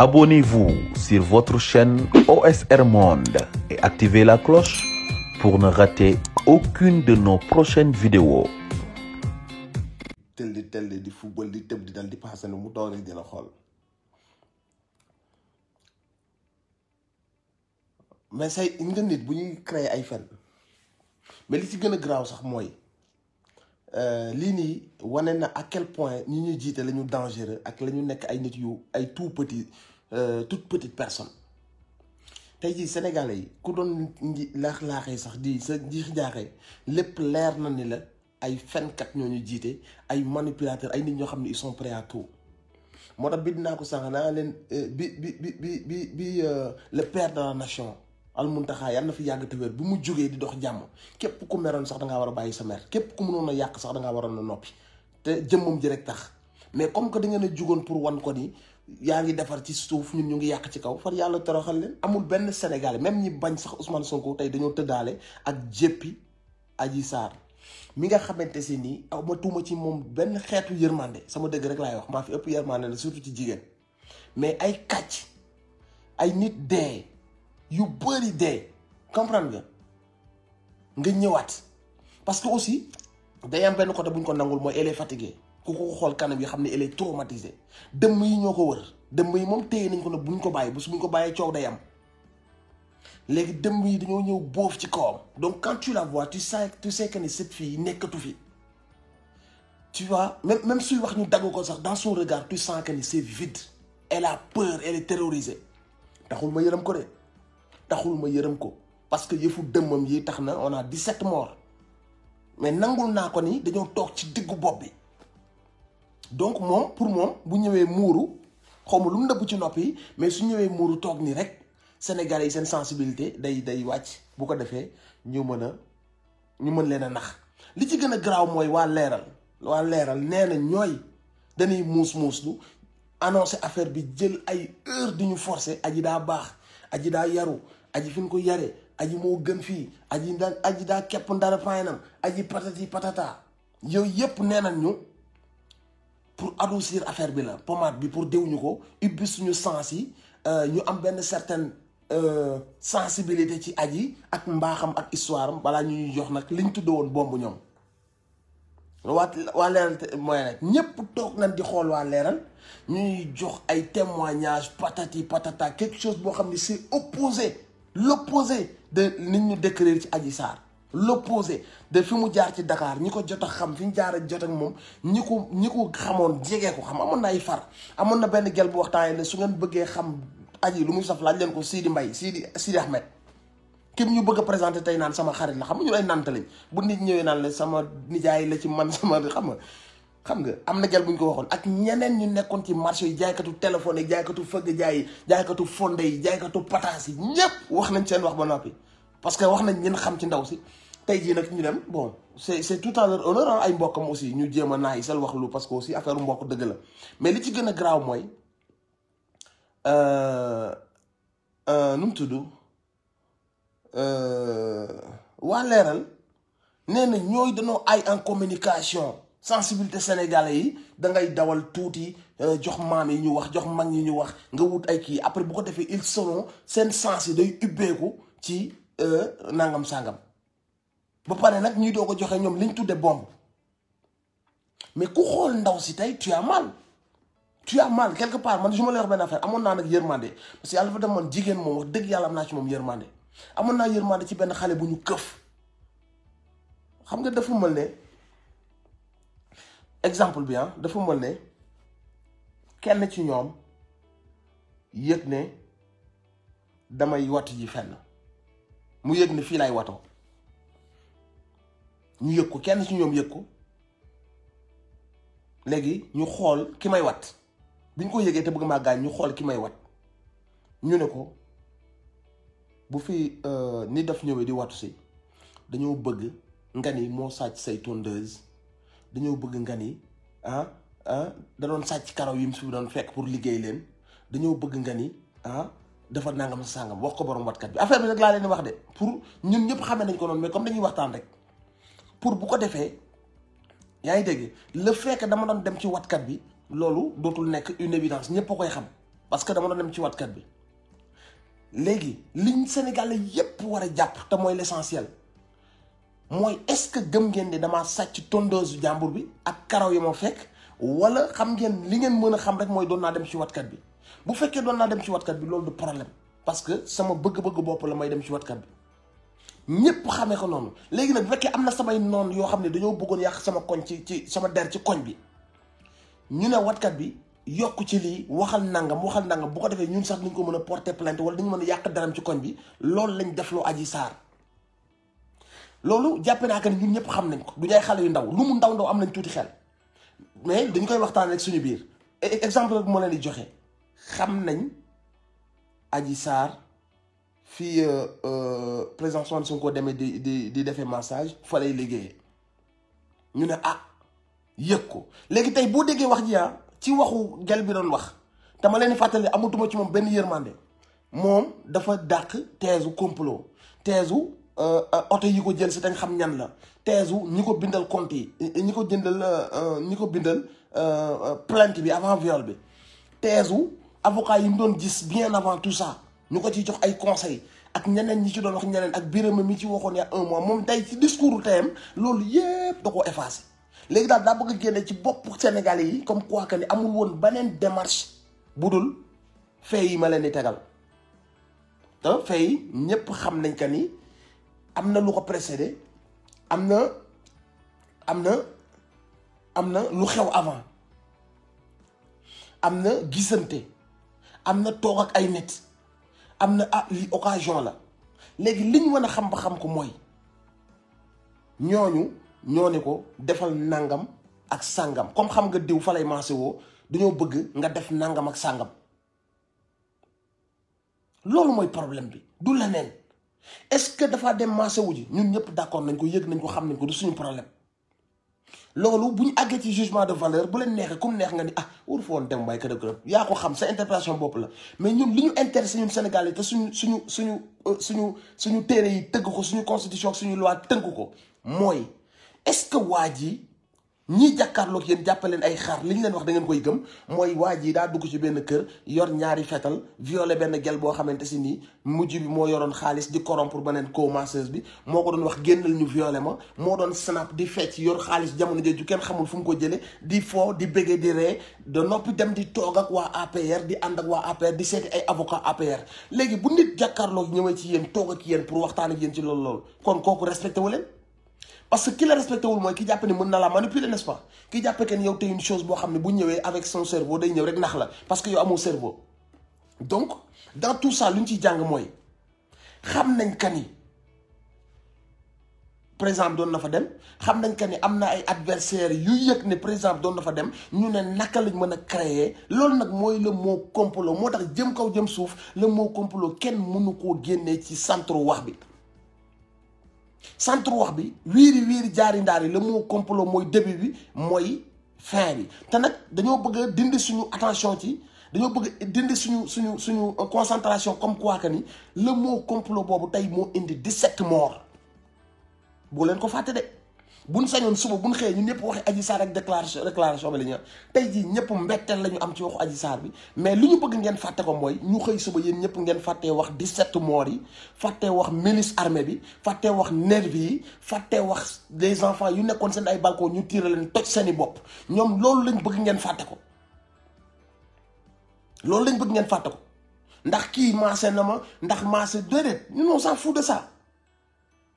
Abonnez-vous sur votre chaîne OSR Monde et activez la cloche pour ne rater aucune de nos prochaines vidéos. tëll di tëll di football di tëb di dal di paase ne mu doori di la xool mais say nga nit bu ñuy créer ay fen mais li ci gën graaw sax mooy euh, lii nii wane na à quel point ñi ñu jiite lañu ñu dangereux ak la ñu nekk ay nit yu ay tout petit Euh, tout petite personne tey jii sénégalais yi ku doon laax-laaxee sax di sa jiix jaaxee lépp leer na ni la ay fenkat ñoo ñu jiite ay manipulateurs ay nit ñoo xam ne ils sont prêts à tout moo tax bi dinaa ko sànq naa leen euh, bi bi bi bi bi bi euh, le père de la nation almuntaxaa yal na fi yàgg te wér bi mu jógee di dox jàmm képp ku meroon sax da ngaa war a bàyyi sa mer képp ku mënoon a yàq sax da waroon a noppi te jëmmam ji rek tax mais comme que da ngeen a jugoon pour wan ko ni yaa ngi defar ci suuf ñun ñu ngi yàq ci kaw far yàlla toroxal leen amul benn Sénégalais même ñi bañ sax Ousmane Sonko tey dañoo tëddaale ak jéppi aji Sarr mi nga xamante si nii ma tuuma ci moom benn xeetu yërmande sama dëgg rek laay wax maa fi ëpp yërmande la surtout ci jigéen mais ay kàcc ay nit dee yu bëri dee comprendre nga nga ñëwaat parce que aussi day am benn côté buñ ko nangul mooy elle est ku ko xool kanam yi xam ne elle est traumatisée dëmm yi ñoo ko wër dëmm yi moom téye nañ ko ne buñ ko bàyyi bu buñ ko bàyyee coow day am léegi dëmm yi dañoo ñëw boof ci kawam donc quand la vois tu sais tu sais que ne cette fille nekkatu fi tu vois même même suy wax ñu dagg ko sax dans son regard tu sens que ni c'est vide elle a peur elle est taxul ma yërëm ko de taxul ma yërëm ko parce que yëfu dëmmam yi tax na on a 17 morts mais nangul naa ko ni dañoo toog ci diggu bopp bi donc moom pour moom bu ñëwee muuru xaw ma lu mu ndëpp ci nopp yi mais su ñëwee muuru toog nii rek sénégal yi seen sensibilité day day wàcc bu ko defee ñu mën a ñu mën leen a nax li ci gën a garaaw mooy waa leeral waa leeral nee ñooy dañuy muus muus lu annoncé affaire bi jël ay heure di ñu forcé aji daa baax aji daa yaru aji fi ñu ko yaree aji moo gën fii aji daa aji daa kepp ndara faynam aji patati patata yooyu yëpp nee nañ ñu pour adoucir affaire bi la pommade bi pour déwuñu ko ubbi suñu sens yi euh, ñu am benn certaine euh, sensibilité ci aj yi ak mbaaxam ak histoire am ñuy jox nag liñ tudd woon bomb ñoom waa waa leeral mooy nag ñépp toog nañ di xool waa leeral ñuy jox ay témoignage patati patata quelque chose boo xam ne c'est opposé l'opposé de nit ñu décrire ci aji saar l'opposé de fi mu jaar ci dakaar ñi ko jot a xam fi ñu jaar a jot ak moom ñi ko ñi ko xamoon jege ko xam amoon na ay far amoon na benn gel bu waxtaan ne su ngeen bëggee xam aji lu muy saf laaj leen ko Sidi Mbaye Sidi Sidi Ahmed kim ñu bëgg présenté tey naan sama xarit la ñu ay nanta lañ nit ñëwee naan la sama nijaay la ci man sama xam nga xam nga am na gel bu ñu ko waxoon ak ñeneen ñu nekkoon ci marché yi jaaykatu téléphone yi jaaykatu fëgg jaay yi jaaykatu fonde yi jaaykatu pataas yi ñëpp wax nañ seen wax ba noppi parce que wax nañ ñeen xam ci ndaw si tey jii nag ñu dem bon c'est c'est tout à leur honneur ah, ay mbokkam aussi ñu jéem naa naay sal wax lu parce que aussi affaire mbokk dëgg la mais li ci gën a garaaw mooy euh, euh, nu mu tudd euh, waa leeral nee na ñooy danoo ay en communication sensibilité sénégalais yi da ngay dawal tuuti jox maam yi ñu wax jox mag yi ñu wax nga wut ay kii après bu ko defee ils solo seen sens yi day ubbeeku ci nangam sàngam ba pare nag ñuy doo ko joxe ñoom liñ tudde bombe mais ku xool ndaw si tey tu as mal tu as mal quelque part man su ma la wax benn affaire amoon naa nag yërmande parce que yàlla dafa dem man jigéen moom wax dëgg yàlla am naa ci moom yërmande amoon naa yërmande ci benn xale bu ñu këf xam nga dafa mel ne exemple bi ah dafa mel ne kenn ci ñoom yëg ne damay watu ji fenn mu yëg ne fii laay watoo ñu yëg ko kenn si ñoom yëg ko léegi ñu xool ki may wat bi ñu ko yëgee te bëgg maa gaañ ñu xool ki may wat ñu ne ko bu fi euh, ni daf ñëwee di watu si dañoo bëgg nga ni moo sàcc say tondeuse dañoo bëgg nga ni ah ah da doon sàcc karaw yi mu si doon fekk pour liggéey leen dañoo bëgg nga ni ah dafa nangam sa sàngam wax ko borom watkat bi affaire bi nag laa leen wax de pour ñun ñëpp xamee nañ ko noonu mais comme dañuy waxtaan rek. pour bu ko defee yaa ngi dégg le fekk dama doon dem ci watkat bi loolu dootul nekk une évidence ñëpp a koy xam parce que dama doon dem ci watkat bi léegi liñ Sénégalais yépp war a jàpp te mooy l'essentiel mooy est-ce que gëm ngeen ni damaa sàcc tondeuse jàmbur bi ak karaw yi ma fekk wala xam ngeen li ngeen mën a xam rek mooy doon naa dem ci watkat bi bu fekkee doon naa dem ci watkat bi loolu du problème parce que sama bëgg-bëgg bopp la may dem ci watkat bi ñëpp xamee ko noonu léegi nag bu fekkee am na samay noon yoo xam ne dañoo bëggoon yàq sama koñ ci ci sama der ci koñ bi ñu ne watkat bi yokk ci lii waxal nangam waxal nangam bu ko defee ñun sax duñ ko mën a porter plante wala dañ mën a yàq daram ci koñ bi loolu lañ def loo yi saar loolu jàppe naa que ñun ñëpp xam nañ ko du ñu xale yu ndaw lu mu ndaw ndaw am nañ tuuti xel mais dañ koy waxtaan rek suñu biir e-, exemple bi moo leen di joxe xam nañ aji saar fii euh, euh, président Ousmane ko demee di di di defee massage fa lay liggéeyee ñu ne ah yëg ko léegi tey boo déggee wax ji ah ci waxu gel bi doon wax te ma leen fàttali amatuma ci moom benn yërmande moom dafa dàq teesu complot teesu euh, oto yi ko jël si dañ xam ñan la teesu ñi ko bindal compte yi ñi ko jëndal ñi ko bindal plainte bi avant viol bi teesu avocat yi mu doon gis bien avant tout ça ñu ko ci jox ay conseil ak ñeneen ñi ci doon wax ñeneen ak Birame mi ci waxoon ya un mois moom tey ci discours tayam loolu yëpp da koo yi léegi daal daa bëgg génne ci bopp Sénégalais yi comme quoi que ni amul woon beneen démarche bu dul fee yi ma leen di tegal te fee yi ñëpp xam nañ que ni am na lu ko précédé am na am na am na lu xew avant am na gisante am na toog ak ay net am na ah li occasion la léegi liñ wan a xam ba xam ko mooy ñooñu ñoo ne ko defal nangam ak sàngam comme xam nga diw fa lay maase woo dañoo bëgg nga def nangam ak sàngam loolu mooy problème bi du leneen est-ce que dafa dem maase wu ji ñun ñëpp d'accord nañ ko yëg nañ ko xam nañ ko du suñu problème. loolu bu ñu àggee ci jugement de valeur bu leen neexee comme neex nga ni ah waru fa woon dem waaye kër kër yaa ko xam sa interprétation bopp la mais ñun li ñu intéressé ñun Sénégal yi te suñu suñu suñu euh, suñu suñu téere yi tëgg ko suñu constitution suñu loi tënk ko mooy est-ce que waa ji ñii jàkkaarloog yéen jàppaleen ay xaar li ñu leen wax da ngeen koy gëm mooy waa ji daa dugg ci benn kër yor ñaari fetal violé benn gel boo xamante si nii mujj bi moo yoroon xaalis di corrompre beneen commenceuse bi moo ko doon wax génnal ñu violé ma moo doon snap di ci yor xaalis jamono jooju kenn xamul fu mu ko jëlee di foo di bëggee di ree da noppi dem di toog ak waa APR di ànd ak waa APR di seeti ay avocat APR léegi bu nit jàkkaarloog ñëwee ci yéen toog ak yéen pour waxtaan ak yéen ci loolu kon kooku respecté wu parce que ki la respecté wul mooy ki jàpp ne mën na la manipuler n'est-ce pas ki jàppe que yow te une chose boo xam ne bu ñëwee avec son cerveau day ñëw rek nax la parce que yow amoo cerveau donc dans tout ça lu ñu ciy jàng mooy xam nañ ka ni président doon na fa dem xam nañ ka ni am na ay adversaires yu yëg ne président doon na fa dem ñu ne naka lañ mën a créer loolu nag mooy le mot complot moo tax jëm kaw jëm suuf le mot complot kenn mënu ko génnee ci centre wax bi. centre wax bi wiiri wiiri jaari ndaar yi la moo complot mooy début bi mooy fin bi te nag dañoo bëgg a dindi suñu attention ci dañoo bëgg dindi suñu suñu suñu concentration comme quoi que ni le mot complot boobu tey moo indi 17 morts boo leen ko fàtte de. bu buñ sañoon suba buñ xëyee ñun ñëpp waxi Adji Sarr ak déclaration déclaration bi la ñu jii ñëpp mbetteel la ñu am ci waxu Adji Sarr bi mais li ñu bëgg ngeen fàtte ko mooy ñu xëy suba yéen ñëpp ngeen fàttee wax 17 morts yi fàttee wax milice armée bi fàttee wax nervi yi fàttee wax des enfants yu nekkoon seen ay balcon ñu tiire leen toj seeni bopp ñoom loolu lañ bëgg ngeen fàtte ko loolu lañ bëgg ngeen fàtte ko ndax kii maase na ma ndax maase déedéet ñun on s'en fout de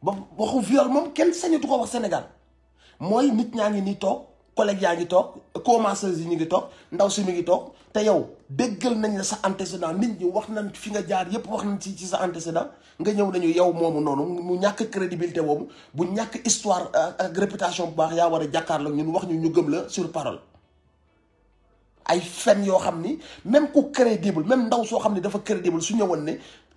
ba waxu viol moom kenn sañatu ko wax Sénégal mooy nit ñaa ngi nii toog collègue yaa ngi toog commenceuse yi ngi toog ndaw si mi ngi toog te yow déggal nañ la sa antécédent nit ñi wax nañ fi nga jaar yépp wax nañ ci ci sa antécédent nga ñëw nañu yow moomu noonu mu ñàkk crédibilité boobu bu ñàkk histoire euh, ak réputation bu baax yaa war a jàkkaarloo ñun wax ñu ñu gëm la sur parole. ay fen yoo xam ni même ku crédible même ndaw soo xam ne dafa crédible su ñëwoon ne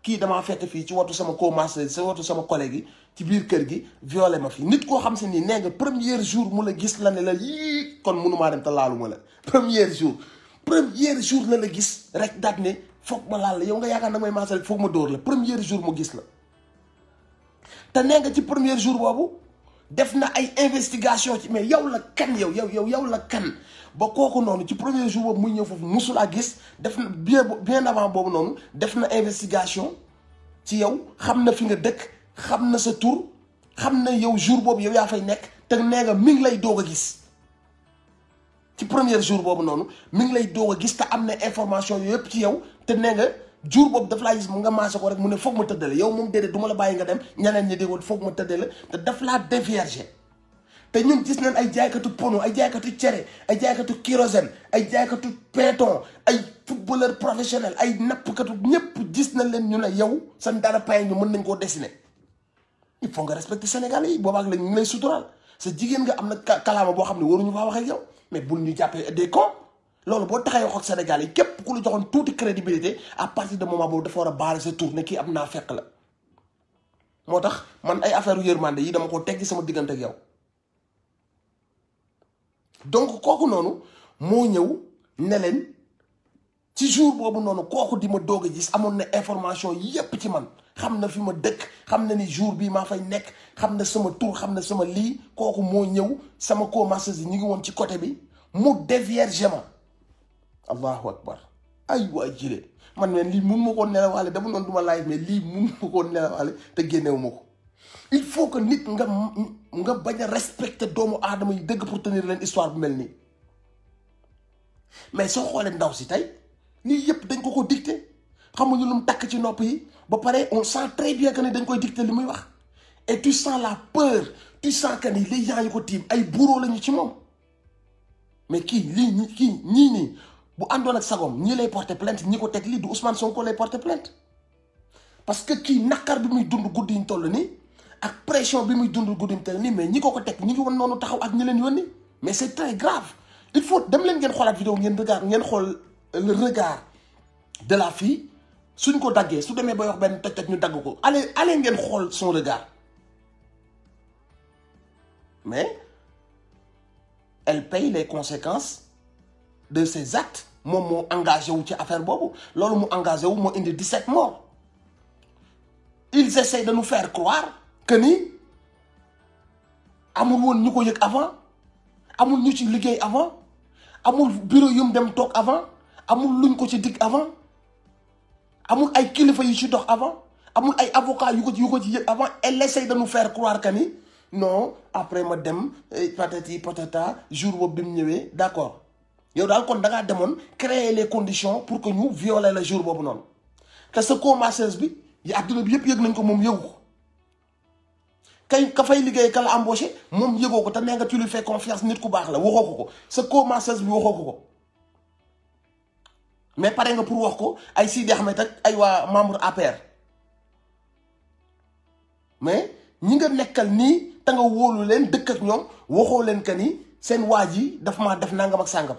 kii damaa fekk fii ci watu sama co-master ci watu sama collègue yi ci biir kër gi violé ma fii nit koo xam si ni nee première premier jour mu la gis la ne la yii kon mënumaa dem te laalu ma la première jour premier jour la la gis rek daat ne foog ma laal la yow nga yaakaar na mooy maas foog ma dóor la premier jour mu gis la te nee nga ci première jour boobu def na ay investigation ci mais yow la kan yow yow yow yow la kan ba kooku noonu ci premier jour boobu muy ñëw foofu musul a gis def na bien bien avant boobu noonu def na investigation ci yow xam na fi nga dëkk xam na sa tour xam na yow jour boobu yow yaa fay nekk te nee nga mi ngi lay doog a gis ci jour boobu noonu mi ngi lay doog gis te am na information yooyu yëpp ci yow te nee nga jour boobu daf laa gis mu nga maase ko rek mu ne foog ma tëddale yow moom déedéet du ma la bàyyi nga dem ñeneen ñi di woon foog ma tëddale te daf laa dévierger te ñun gis nañ ay jaaykatu pono ay jaaykatu cere ay jaaykatu kérosène ay jaaykatu peeton ay footballeur professionnel ay nappkatu ñëpp jis nañ leen ñu ne yow san dara pay ñu mën nañ koo dessiner il faut nga respecter Sénégalais yi boobaak la ñu lay suturaal sa jigéen nga am na kalaama boo xam ne waruñu faa waxee ak yow mais bul ñu jàppee des cons loolu boo taxee wax ak Sénégalais yi képp ku la joxoon tuuti crédibilité à partir de moment boobu dafa war a baale sa tour ne kii naa fekk la moo tax man ay affaire yërmande yi dama ko teggi sama diggante yow donc kooku noonu moo ñëw ne leen ci jour boobu noonu kooku di ma doog a gis amoon na information yépp ci man xam na fi ma dëkk xam na ni jour bii maa fay nekk xam na sama tur xam na sama lii kooku moo ñëw sama co-masseurs yi ñu ngi woon ci côté bi mu dévierge ma allahu akbar ay waa jile man meen lii mun ma koo nelawaale dama noonu du ma live mais lii mun ma koo nelawaale te génnewu ma ko il faut que nit nga nga bañ a respecter doomu aadama yi dëgg pour tenir leen histoire bu mel nii mais soo xoolee ndaw si tey lii yëpp dañ ko ko xam dicté ñu lu mu takk ci nopp yi ba pare on sent très bien que ni dañ koy dicté li muy wax et tu sens la peur tu sens que ni les gens ko tiim ay bureau lañu ci moom mais kii lii ñi kii ñii nii bu àndoon ak sagom ñii lay porter plainte ñi ko teg lii du Ousmane Sonko lay porter plainte parce que kii naqar bi muy dund guddi toll nii. ak pression bi muy dund guddim te ni mais ñi ko ko teg ñi ngi woon noonu taxaw ak ñi leen yónni mais c'est très grave il faut dem leen ngeen xoolaat vidéo ngeen regard ngeen xool le de la fii suñ ko daggee su demee ba wax benn toj toj ñu dagg ko allez allez ngeen xool soo regard mais elle paye les conséquences de ses actes moom moo engagé wu ci affaire boobu loolu mu engagé wu moo indi set morts ils essaient de nous faire croire que ni amul woon ñu ko yëg avant amul ñu ci liggéey avant amul bureau mu dem toog avant amul luñ ko ci dig avant amul ay kilifa yu ci dox avant amul ay avocat yu ko ci ko ci yëg avant elle essaie de nous faire croire que ni non après ma dem eh, patati patata jour boobu bi mu ñëwee d' accord yow daal kon da ngaa demoon créer les conditions pour que ñu violer le jour boobu noonu te que commencé bi yi àdduna bi yëpp yëg nañ ko moom yëgu ko kay ka fay liggéey ka la embauché moom yëgoo ko te nee nga tu lui fais confiance nit ku baax la waxoo ko ko sa commenceuse bi waxoo ko ko mais pare nga pour wax ko ay Sidi Ahmed ak ay waa membre APR mais ñi nga nekkal nii te nga wóolu leen dëkk ak ñoom waxoo leen que ni seen waa ji daf maa def nangam ak sàngam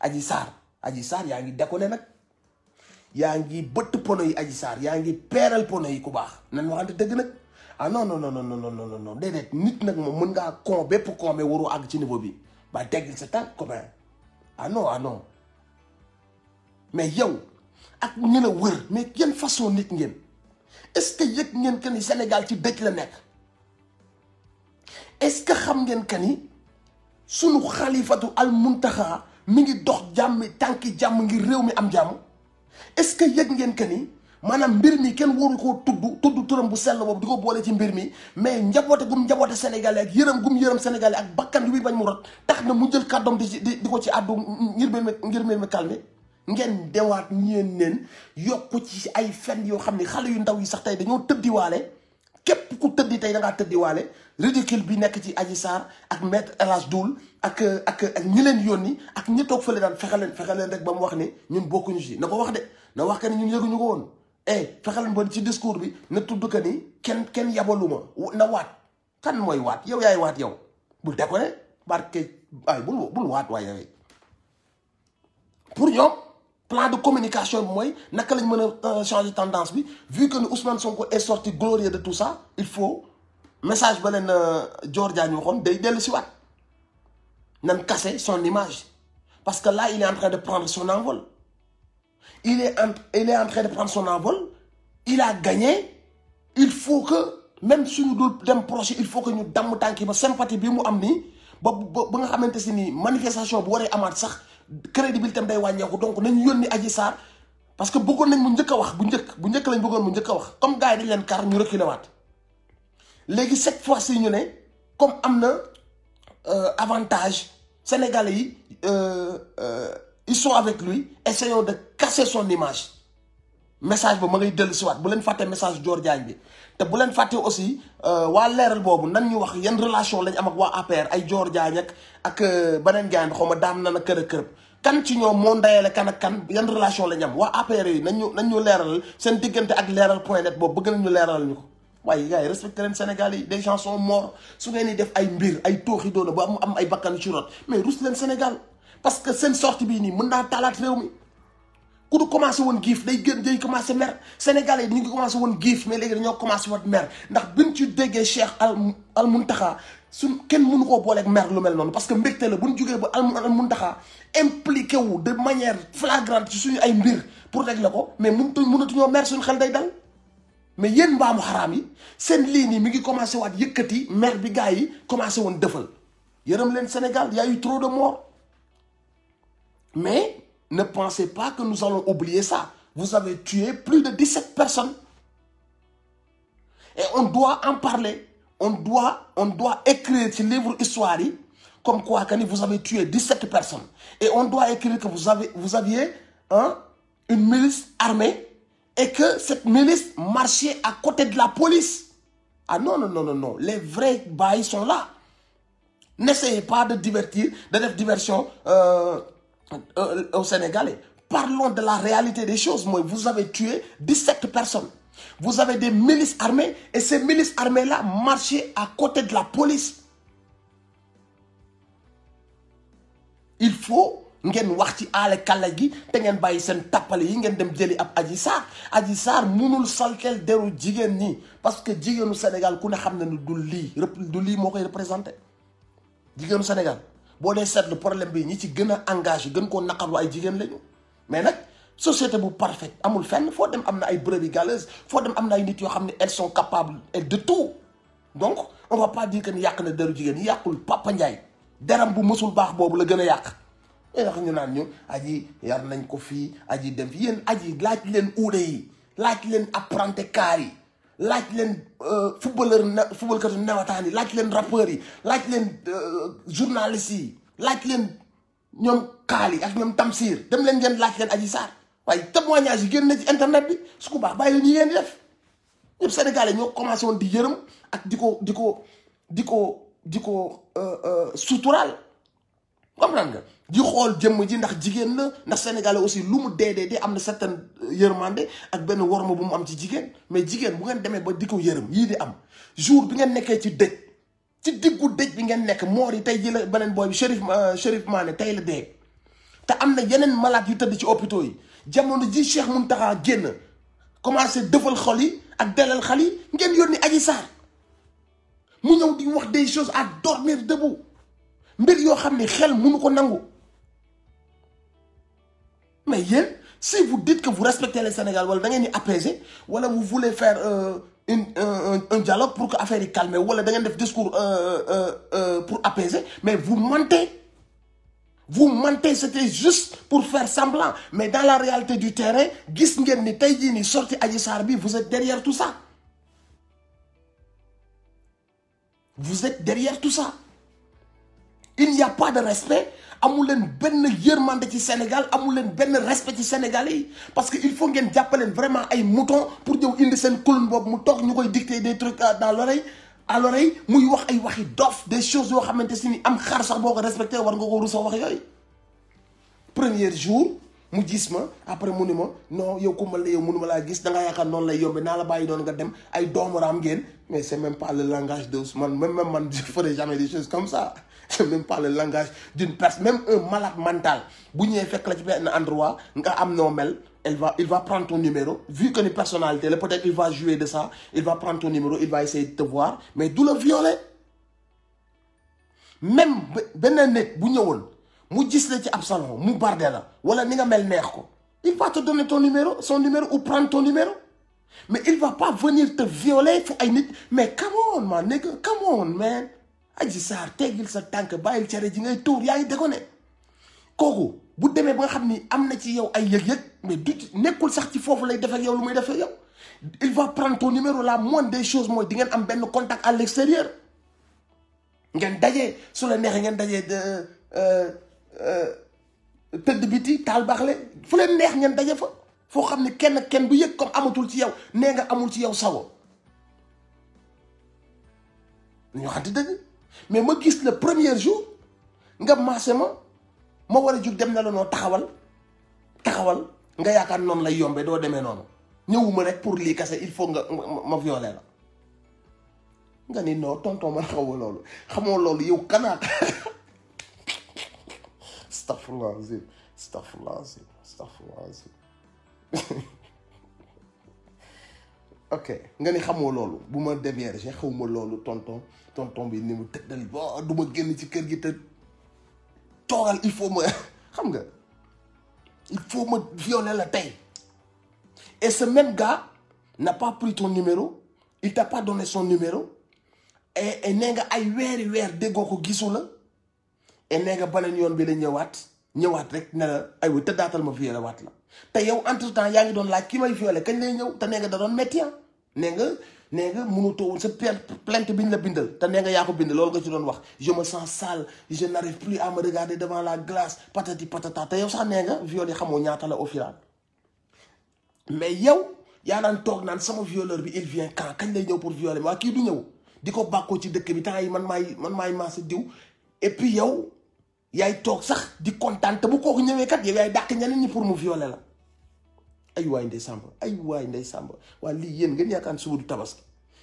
aji saar aji saar yaa ngi déconné nag yaa ngi bëtt pono yi aji saar yaa ngi peeral pono yi ku baax nan waxante dëgg nag ah non non non non non non non déedéet nit nag moom mën ngaa con bépp con mais waroo àgg ci niveau bi ba teggil sa tànk copain ah non ah non mais yow ak ñi la wër mais yan façon nit ngeen est-ce que yëg ngeen que ni Sénégal ci dëj la nekk est-ce que xam ngeen que ni sunu xalifatu al muntaxa mi ngi dox jàmm tànki jàmm ngir réew mi am jàmm est-ce que yëg ngeen que ni. maanaam mbir mi kenn waru koo tudd tudd turam bu sell boobu di ko boole ci mbir mi mais njaboote gum njaboote sénégalais ak yërëm gum yërëm sénégalais ak bakkan yu muy bañ mu rot tax na mu jël kàddoom di di di ko ci àddu ngir mbir mi ngir mbir mi calmé ngeen dewaat ñeen neen yokku ci ay fen yoo xam ni xale yu ndaw yi sax tey dañoo tëddiwaale képp ku tëddi tey da ngaa tëddiwaale ridicule bi nekk ci aji Sarr ak maître El Hadj ak ak ak ñi leen yónni ak ñi toog fële daan fexe leen fexe leen rek ba mu wax ne ñun bokkuñu ci na ko wax de na wax que ne ñun ko woon eh fexeel ba ci discours bi na tudd que ni kenn kenn yabalu ma na waat kan mooy waat yow yaay waat yow bul de ko ne barke bul waat waaye yow pour ñoom plan de communication bi mooy naka lañ mën a euh, changer tendance bi vu que ni Ousmane Sonko est sorti glorieux de tout ça il faut message ba leen euh, Dior Diagne waxoon day dellu si waat nan casser son image parce que là il est en train de prendre son envol. il est en il est en train de prendre son envol il a gagné il faut que même suñu dul dem projet il faut que ñu damm tànk yi ba sympathie bi mu am nii ba ba nga xamante si nii manifestation bu waree amaat sax crédibilité am day wàññeeku donc nañ yónni Adji Sarr parce que bëggoon nañ mu njëkk a wax bu njëkk bu njëkk lañ bëggoon mu njëkk a wax comme gars yi dañ leen kar ñu reculer waat léegi cette fois ci ñu ne comme am na euh, avantage sénégal yi. Euh, euh, ils sont avec lui essayons de casser son image message boobu ma ngay dellu siwaat bu leen fàtte message Dior Diagne bi te bu leen fàtte aussi euh, waa leeral boobu nan ñu wax yan relation lañ am waa APR ay Dior Diagne ak euh, beneen gars bi xaw daam na na kër a kër kan ci ñoom moo ndayale kan ak kan yan relation lañ am waa yi nañ ñu nañ ñu leeral seen diggante ak leeral point net boobu bëgg nañu leeral ñu ko waaye gars yi respecté leen Sénégal yi des gens sont morts su ngeen di def ay mbir ay tooxi doona ba am am ay bakkan ci rot mais rus leen Sénégal parce que seen sortie bii nii mën naa taalaat réew mi ku du commencé woon giif day gën day commencé mer Sénégalais yi ñu ngi commencé woon giif mais léegi dañoo commencé woon mer ndax biñ ci déggee Cheikh al al Muntaxa suñ kenn munu koo booleeg mer lu mel noonu parce que mbégte la bu ñu jugee ba al Muntaxa impliqué wu de manière flagrante ci suñu ay mbir pour la ko mais mënut mënatuñoo mer suñu xel day dal. mais yéen mbaamu xaraam yi se lii nii mi ngi commencé waat yëkkati mer bi gars yi commencé woon dëfal yërëm leen Sénégal y a de morts. Mais ne pensez pas que nous allons oublier ça. Vous avez tué plus de 17 personnes. Et on doit en parler. On doit, on doit écrire ce livre histoire comme quoi que vous avez tué 17 personnes. Et on doit écrire que vous, avez, vous aviez une milice armée et que cette milice marchait à côté de la police. Ah non, non, non, non, non. Les vrais bails sont là. N'essayez pas de divertir, de faire diversion. Euh, Euh, aux Sénégalais. Parlons de la réalité des choses. Moi, vous avez tué 17 personnes. Vous avez des milices armées et ces milices armées-là marché à côté de la police. Il faut ngeen wax ci aale kàlla gi te ngeen bàyyi seen tappale yi ngeen dem jëli ab Adji Sarr Adji Sarr munul saltel deru jigéen ñi parce que jigéenu Sénégal ku ne xam na ni du lii du lii moo koy représenté jigéenu Sénégal boo dee seetlu problème bi ñi ci gën a engagé gën koo naqarlu ay jigéen lañu mais nag société bu parfaite amul fenn foo dem am na ay brebis galeuses foo dem am na ay nit yoo xam ne elles sont capables de tout donc on va pas dire que ni yàq na deru jigéen ñi yàqul Papa Ndiaye deram bu mësul baax boobu la gën a yàq mais ndax ñu naan ñu aji yar nañ ko fii aji dem fi yéen yi laaj leen uude yi laaj leen apprenti kaar yi laaj leen euh, footballeur na footballkatu nawetaan yi laaj leen rappeurs yi laaj leen euh, journalistes yi laaj leen ñoom Kaal yi ak ñoom Tamsir dem leen ngeen laaj leen Adji Sarr waaye témoignage yi génn na ci internet bi su ko baax bàyyi la ñu ngeen def ñëpp sénégalais ñoo commencé woon di yërëm ak di ko di ko di ko di ko euh, suturaal. comprendre nga di xool jëmm ji ndax jigéen la ndax sénégalais aussi lu mu dee dee am na certaine euh, yërmande ak benn worma bu mu am ci jigéen mais jigéen bu ngeen demee ba di ko yërëm yii di am jour bi ngeen nekkee ci dëj ci diggu dëj bi ngeen nekk moor yi tey ji beneen booy bi Chérif euh, Chérif Mané tey la dee te am na yeneen malade yu tëdd ci hôpitaux yi jamono ji Cheikh Mountakha génn commencé dëfal xol yi ak dalal xal yi ngeen yónni Adji Sarr mu ñëw di wax des choses à dormir debout mbir yoo xam ne xel mënu ko nangu mais yéen si vous dites que vous respectez le Sénégal wala da ngeen di apaiser wala vous voulez fair euh, une un dialogue pour que affaire yi calmer wala da ngeen def discours euh, euh, pour apaiser mais vous mentez vous mentez c'était juste pour faire semblant mais dans la réalité du terrain gis ngeen ni tey jii ni sorti Adji Sarr bi vous êtes derrière tout ça vous êtes derrière tout ça il n'y a pas de respect amul leen benn yërmande ci Sénégal amul leen benn respect ci sénégal yi parce que il faut ngeen jàppaleen vraiment ay mouton pour ñëw indi seen clown boobu mu toog ñu koy dicter de trucs euh, dans l'oreille à muy wax ay waxi dof de choses yoo xamante si ni am xaar sax boo ko respecté war nga ko rusa wax yooyu premier jour mu gis ma après mu ni ma no yow ku ma la yow mënuma laa gis da nga yaakaar noonu lay yombe naa la bàyyi doon nga dem ay doomaram ngeen mais c'est même pas le langage de man même même man je ferai jamais des choses comme ça c'est même pas le langage d'une personne même un malade bu ñëwee fekk la ci benn endroit nga am noo mel elle va il va prendre ton numéro vu que ni personnalité la peut-être il va jouer de ça il va prendre ton numéro il va essayer de mais du la violer même benn nit bu ñëwoon. mu gis la ci ab salon mu bardé la wala ni nga mel neex ko il va te donner ton numéro son numéro ou prendre ton numéro mais il va pas venir te violer fu ay nit mais come on ne nigga come on man Adji Sarr teggil sa tànk bàyyil cere ji ngay tuur yaa ngi déggoon ne kooku bu demee ba nga xam ni am na ci yow ay yëg-yëg mais du nekkul sax ci foofu lay def ak yow lu muy def ak yow il va prendre ton numéro la moindre des choses mooy di ngeen am benn contact à l'extérieur ngeen dajee su la neexee ngeen dajee de. Euh, Euh, tëdd biti taal baaxle fu leen neex ngeen daje fa foo xam ne kenn kenn bu yëg comme amatul ci yow nee nga amul ci yow sawo ñu waxante dëgg mais ma gis le première jour nga marché ma ma war a jug dem na la noo taxawal taxawal nga yaakaar noonu lay yombe doo demee noonu ñëwuma rek pour lii kase il faut nga ma violé la nga ni non tonton ma xawoo loolu xamoo loolu yow kanaa Estağfurullah azim. Estağfurullah azim. Estağfurullah azim. ok nga ni xamoo loolu bu ma dévierge xawma loolu tonton tonton bi ni mu tëddal ba du génn ci kër gi te toogal il faut ma xam nga il faut ma violer la tey et ce même n'a pas pris ton numéro il t'a pas donné son numéro et et nee nga ay weeri weer déggoo ko gisu la et nee nga beneen yoon bi la ñëwaat ñëwaat rek ne la aywa tëddaatal ma violé waat la te yow entre temps yaa ngi doon laaj ki may violé kañ lay ñëw te nee nga da doon métti ah nee nga nee nga mënutoo woon bi ñu la bindal te nee nga yaa ko bind loolu nga ci doon wax je me sens sale je n'arrive plus à me regarder devant la glace patati patata te ñaata la au mais yow yaa daan toog naan sama violeur bi il vient kañ lay ñëw pour violer waa kii du ñëw di ko bàkkoo ci dëkk bi temps yi man maay man maay maasa diw et puis yow yaay toog sax di kontaan te bu kooku ñëwee kat yow yaay dàq ñeneen ñi pour mu violer la ay waay ndey sàmb ay waay ndey sàmb waa lii yéen ngeen yaakaar suba du tabaski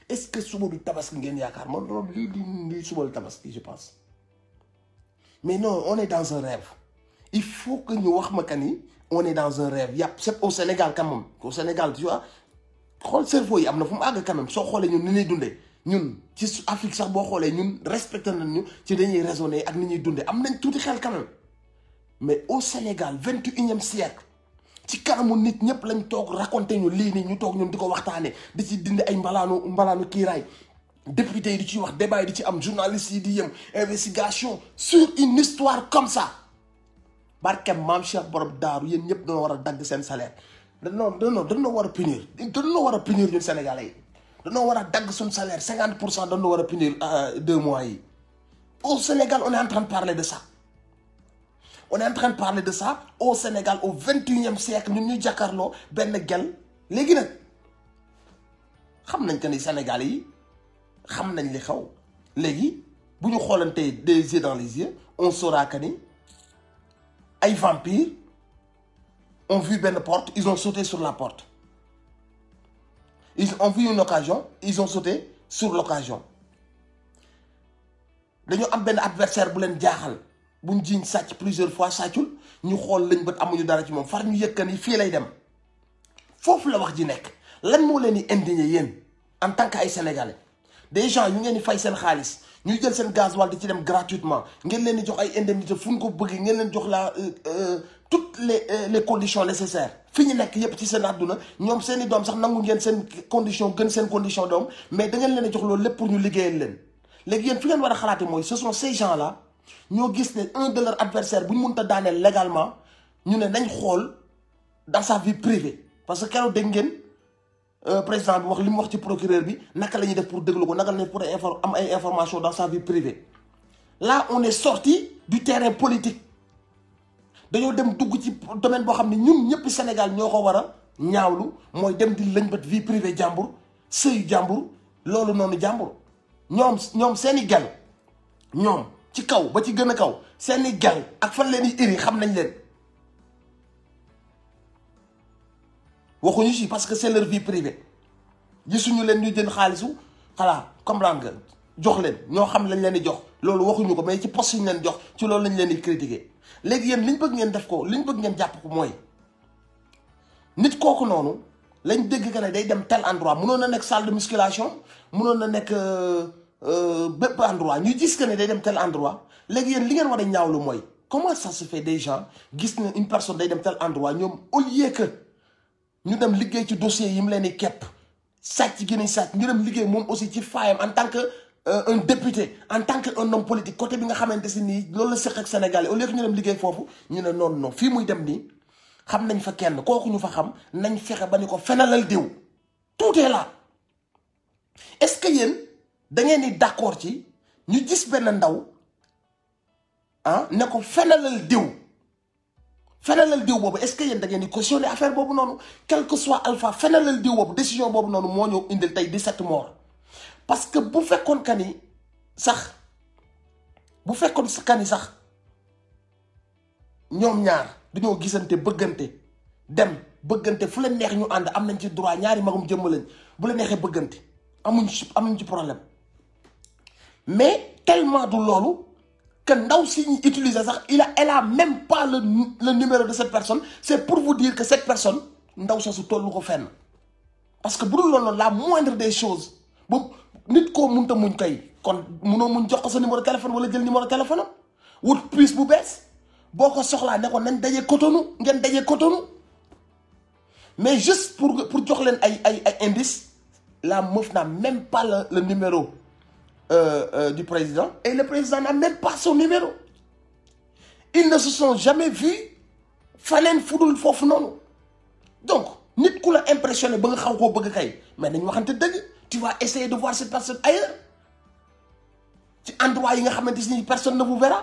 est-ce que suba du tabaski ngeen yaakaar man loolu lii di lii suba du tabaski je pense mais non on dans un rêve il faut que ñu wax ma ka ni on est dans un rêve yàpp c'est au Sénégal quand au Sénégal tu vois xool cerveau yi am na fu mu àgg quand soo xoolee ñun ni ñuy dundee. ñun ci Afrique sax boo xoolee ñun respecté nañ ñu ci dañuy raisonné ak ni ñuy dundee am nañ tuuti xel quand mais au Sénégal vingt et unième siècle ci kanamu nit ñëpp lañ toog raconté ñu lii nii ñu toog ñun di ko waxtaanee di ci dindi ay mbalaanu mbalaanu kiiraay député yi di ciy wax débat di ci am journaliste yi di yëm investigation sur une histoire comme ça barkeem maam Cheikh borom daaru yéen ñëpp dañoo war a dagg seen salaire dañoo dañoo dañoo war a punir dañoo war a punir ñun sénégalais danoo war a dagg suñu salaire cinquante pour cent dañoo war a punir euh, deux mois yi au Sénégal on est en de parler de ça on est en de parler de ça au Sénégal au vingt et unième siècle ñun ñu jàkkaarloo benn gel léegi nag xam nañ que ni Sénégal yi xam nañ li xew léegi bu ñu xoolantee des yeux dans les yeux on saura ni ay vampires ont vu benn porte ils ont sauté sur la porte Ils ont vu une occasion, ils ont sauté sur l'occasion. dañu am benn adversaire bu leen jaaxal buñ jiiñ sàcc plusieurs fois sàccul ñu xool lañ bët amuñu dara ci moom far ñu yëkkan yi fii lay dem foofu la wax ji nekk lan moo leen di indigné yéen en tant que ay sénégalais des gens yi ngeen di fay seen xaalis ñuy jël seen gasoil di ci dem gratuitement ngeen leen di jox ay indemnité fu ñu ko bëggee ngeen leen jox laa euh, euh, toutes le euh, les conditions nécessaires fi ñu nekk yépp ci seen adduna ñoom seen i doom sax nangu ngeen seen condition gën seen condition doom mais da leen a jox loolu lépp pour ñu liggéeyal leen léegi yéen fi ngeen war a xalaate mooy ce sont ces gens ñoo gis ne un de leurs adversaires bu ñu mun mënta daaneel légalement ñu ne nañ xool dans sa vie privée parce que keroog dégg ngeen euh, président bi wax li mu wax ci procureur bi naka la ñuy def pour déglu ko naka la ñuy pour am ay information dans sa vie privée là on est sorti politique dañoo dem dugg ci domaine boo xam ne ñun ñëpp Sénégal ñoo ko war a ñaawlu mooy dem di lëñbët vie privée jàmbur sëyu jàmbur loolu noonu jàmbur ñoom ñoom seeni gal ñoom ci kaw ba ci gën a kaw seeni gal ak fan leen di iri xam nañ leen waxuñu si parce que c'est leur vie suñu gisuñu leen ñu jël xaalisu xalaa comprendre nga jox leen ñoo xam lañ leen di jox loolu waxuñu ko mais ci post yi leen jox ci loolu lañ leen di critiquer léegi yéen liñ bëgg ngeen def ko liñ bëgg ngeen jàpp ko mooy nit kooku noonu lañ dégg que ne day dem tel endroit mënoon na nekk salle de musculation mënoon na nekk euh, euh, bépp endroit ñu gis que ne day dem tel endroit léegi yéen li ngeen war a ñaawlu mooy comment ça se fait des gens gis na une personne day dem tel endroit ñoom au lieu que ñu dem liggéey ci dossier yi mu leen di képp sàcc gi nañ sàcc ñu dem liggéey moom aussi ci faayam en tant que. Euh, un député en tant que un homme politique côté bi nga xamante si nii loolu la séq ak Sénégalais au lieu que ñu dem liggéey foofu ñu ne noonu non fii muy dem nii xam nañ fa kenn kooku ñu fa xam nañ fexe ba ni ko fenalal diw tout est là est-ce que yéen da ngeen di d'accord ci ñu gis benn ndaw ah ne ko fenalal diw fenalal diw boobu est-ce que yéen da ngeen di cautionner affaire boobu noonu quel que soit alpha fenalal diw boobu décision boobu noonu moo ñëw indil tey 17 morts parce que bu fekkoon ka ni sax bu fekkoon ka ni sax ñoom ñaar dañoo gisante bëggante dem bëggante fu la neex ñu ànd am nañ ci droit ñaari magum jëmm bu la neexee bëggante amuñ ci amuñ ci problème mais tellement du loolu que ndaw si ñu utiliser sax il a elle a même pas le le numéro de cette personne c'est pour vous dire que cette personne ndaw soosu tollu ko fenn parce que bu dul loolu la moindre des choses bu nit koo mun tam muñ tey kon mënoo muñ jox ko sa numéro téléphone wala jël numéro téléphone am wut puce bu bees boo ko soxlaa ne ko nañ dajee Cotonou ngeen dajee Cotonou mais juste pour pour jox leen ay ay ay indice la meuf n'a même pas le, le numéro euh, euh, du président et le président n'a même pas son numéro ils na se sont jamais vus faneen fudul foofu noonu donc nit ku la impressionné ba nga xaw koo bëgg kay mais nañ waxante dëgg tu vas essayer de voir cette personne ailleurs ci endroit yi nga xamante ni personne na bu verra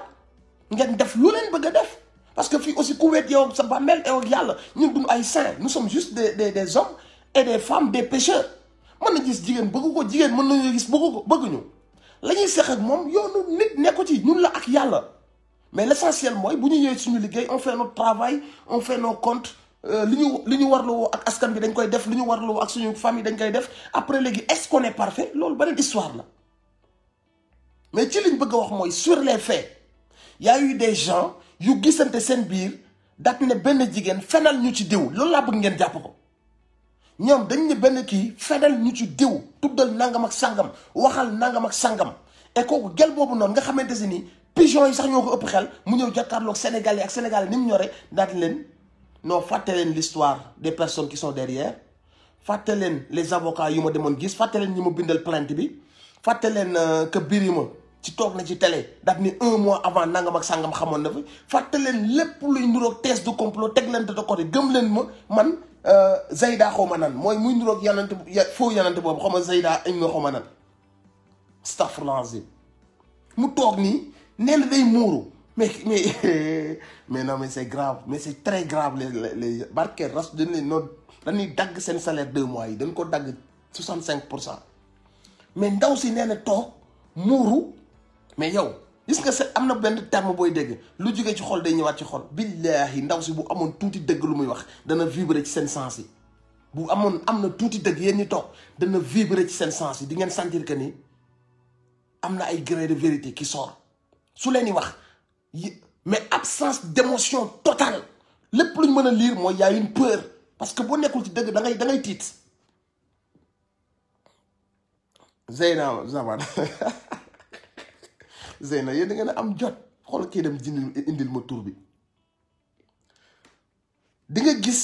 ngeen def lu leen bëgg def parce que fii aussi ku weet yow sa bàmmeel yow yàlla ñu duñu ay saints nous sommes juste des des des hommes et des femmes des pécheurs mën na gis jigéen bëgg ko jigéen mën na gis bëgg ko bëgguñu la ñuy seq ak moom yoonu nit nekku ci ñun la ak yàlla mais l' essentiel mooy bu ñu ñëwee suñu liggéey on fait notre travail on fait nos Euh, li ñu li ñu warloo ak askan bi dañ koy def li ñu warloo ak suñu famille dañ koy def après léegi est-ce qu'on est parfait loolu beneen histoire la mais ci liñ bëgg a wax mooy sur les yaa y a eu yu gisante seen biir dat ne benn jigéen fenal ñu ci diw loolu laa bëgg ngeen jàpp ko ñoom dañ ne benn kii fenal ñu ci diw tuddal nangam ak sangam waxal nangam ak sangam et kooku gel boobu noonu nga xamante si ni pigeon yi sax ñoo ko ëpp xel mu ñëw jàkkaarloog Sénégal yi ak Sénégal yi ni mu ñore daal leen. non fàtte leen l'histoire des personnes qui sont derrière fàtte leen les avocats yu ma demoon gis fàtte leen ñi ma bindal plainte bi fàtte leen biir euh, yi Birima ci toog na ci tele daf ni un mois avant nangam ak sangam xamoon na fi fàtte leen lépp luy niroog thèse de complot teg leen de côté gëm leen ma man euh, Zayda xaw ma nan mooy muy niroog yanante foo yanante boobu xaw ma Zayda añ nga xaw ma nan. astaghfirullah yi mu toog nii nee day muuru mais mais mais non mais c'est grave mais c'est très grave les le barke ras dañ leen noonu dañuy dagg seen salaire deux mois yi dañ koo dagg soixante cinq pour cent mais ndaw si nee na toog muuru mais yow gis nga sa am na benn terme booy dégg lu jógee ci xol day ñëwaat ci xol billaahi ndaw si bu amoon tuuti dëgg lu muy wax dana vibrer ci seen sens yi bu amoon am na tuuti dëgg yéen ñi toog dana vibrer ci seen sens yi di ngeen sentir que ni am na ay grain de vérité qui sort su leen di wax mais absence d'émotion totale lépp lu ñu mën a liir mooy y a une parce que boo nekkul ci dëgg da ngay tiit. Zeyna Zaman Zeyna yéen da ngeen am jot xool kii dem jindil indil ma tur bi di nga gis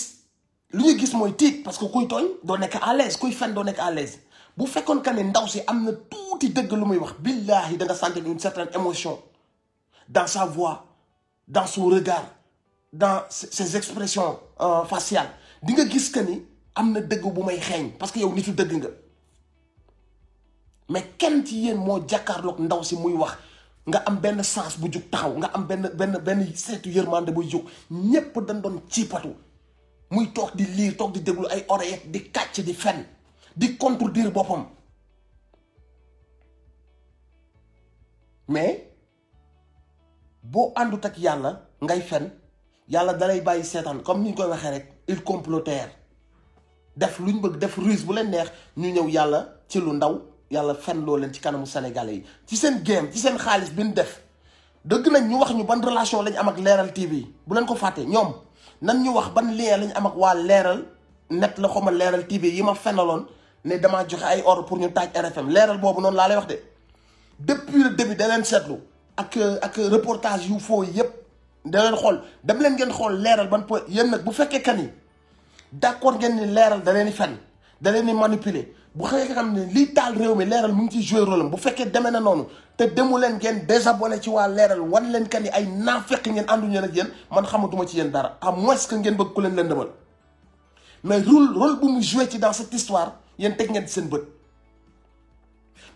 lu ñu gis mooy tiit parce que kuy tooñ doo nekk à l'aise kuy fen doo nekk à l'aise bu fekkoon que ne ndaw si am na tuuti dëgg lu muy wax billahi danga nga sentir une certaine émotion. dans sa voix dans son regard dans ses expressions euh, faciales di nga gis que ni am na dëgg bu may xeeñ parce que yow nitu dëgg nga mais kenn ci yéen moo jàkkaarloog ndaw si muy wax nga am benn sens bu jug taxaw nga am benn benn benn seetu yërmande buy jug ñépp dañ doon ciipatu muy toog di liir toog di déglu ay oreillette di kàcc di fen di contredire boppam mais boo àndut ak yàlla ngay fen yàlla dalay bàyyi seetaan comme ni ñu koy waxee rek il complotaire def luñ bëgg def ruse bu leen neex ñu ñëw yàlla ci lu ndaw yàlla fen loo leen ci kanamu sénégalais yi ci seen game ci seen xaalis bi nu def dëgg nañ ñu wax ñu ban relation lañu am ak leeral TV bu leen ko fàtte ñoom nan ñu wax ban lien lañ am ak waa leeral net la xoma leeral TV yi ma fenaloon ne damaa joxe ay ordre pour ñu taaj RFM leeral boobu noonu laa lay wax de depuis le début da ak ak reportage yu foo yëpp da leen xool dem leen ngeen xool leeral ban point yéen nag bu fekkee kan ni d'accord ngeen ni leeral da leen di fen da leen di manipuler bu fekkee xam ne lii taal réew mi leeral mu ngi ci joué rôle am bu fekkee demee na noonu te demu leen ngeen désabonné ci waa leeral wan leen kan ni ay fekk ngeen ànduñu ak yéen man xamatuma ci yéen dara à moins que ngeen bëgg ku leen leen demal mais rôle rôle bu mu joué ci dans cette histoire yéen teg ngeen seen bët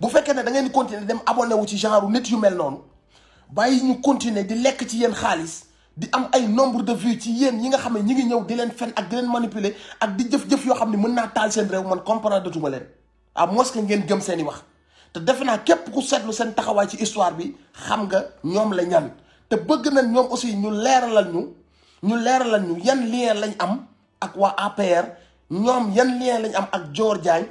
bu fekkee ne da ngeen di dem abonné wu ci genre nit yu mel noonu. bàyyi ñu continuer di lekk ci yéen xaalis di am ay nombre de vue ci yéen ñi nga xam ne ñi ngi ñëw di leen fen ak di leen manipuler ak di jëf-jëf yoo xam ne mën naa taal seen réew man comprendre datuma leen à moins que ngeen gëm seen wax te defe naa képp ku seetlu seen taxawaay ci histoire bi xam nga ñoom la ñan te bëgg nañ ñoom aussi ñu leeralal ñu ñu leeralal ñu yan lien lañ am ak waa APR ñoom yan lien lañ am ak Dior Diagne